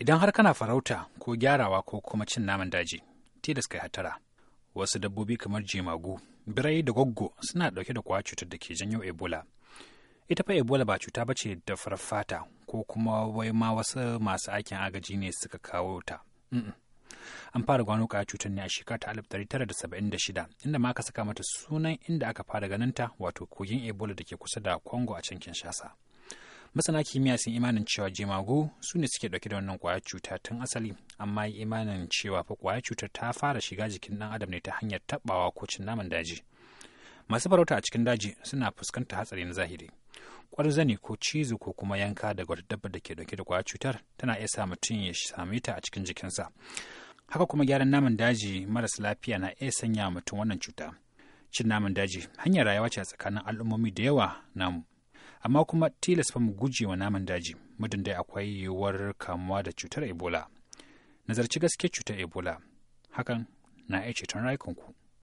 Idan har kana farauta ko gyarawa ko kuma cin naman daji, tilas kai hatara. Wasu dabbobi kamar jemagu, birai da goggo suna dauke da kwaya cutar da ke janyo Ebola. Ita fa Ebola ba cuta ba ce da farfata ko kuma wai ma wasu masu aikin agaji ne suka kawo ta. An fara gano kwaya cutar ne a shekara ta tara da 1976 inda ma aka saka mata sunan inda aka fara ganin ta wato kogin Ebola da ke kusa da Congo a can Kinshasa. masana kimiyya sun imanin cewa jemagu su ne suke dauke da wannan kwaya cuta tun asali amma yi imanin cewa fa kwayar cutar ta fara shiga jikin dan adam ne ta hanyar tabawa ko cin naman daji masu farauta a cikin daji suna fuskantar hatsari na zahiri kwarzani ko cizo ko kuma yanka daga wata dabba da ke dauke da kwayar cutar tana iya sa mutum ya same ta a cikin jikinsa haka kuma gyaran naman daji maras lafiya na iya sanya mutum wannan cuta cin naman daji hanyar rayuwa ce a tsakanin al'ummomi da yawa namu amma kuma tilas mu guje wa naman daji muddin dai akwai yiwuwar kamuwa da cutar ebola nazarci gaske cutar ebola hakan na iya ceton rayukanku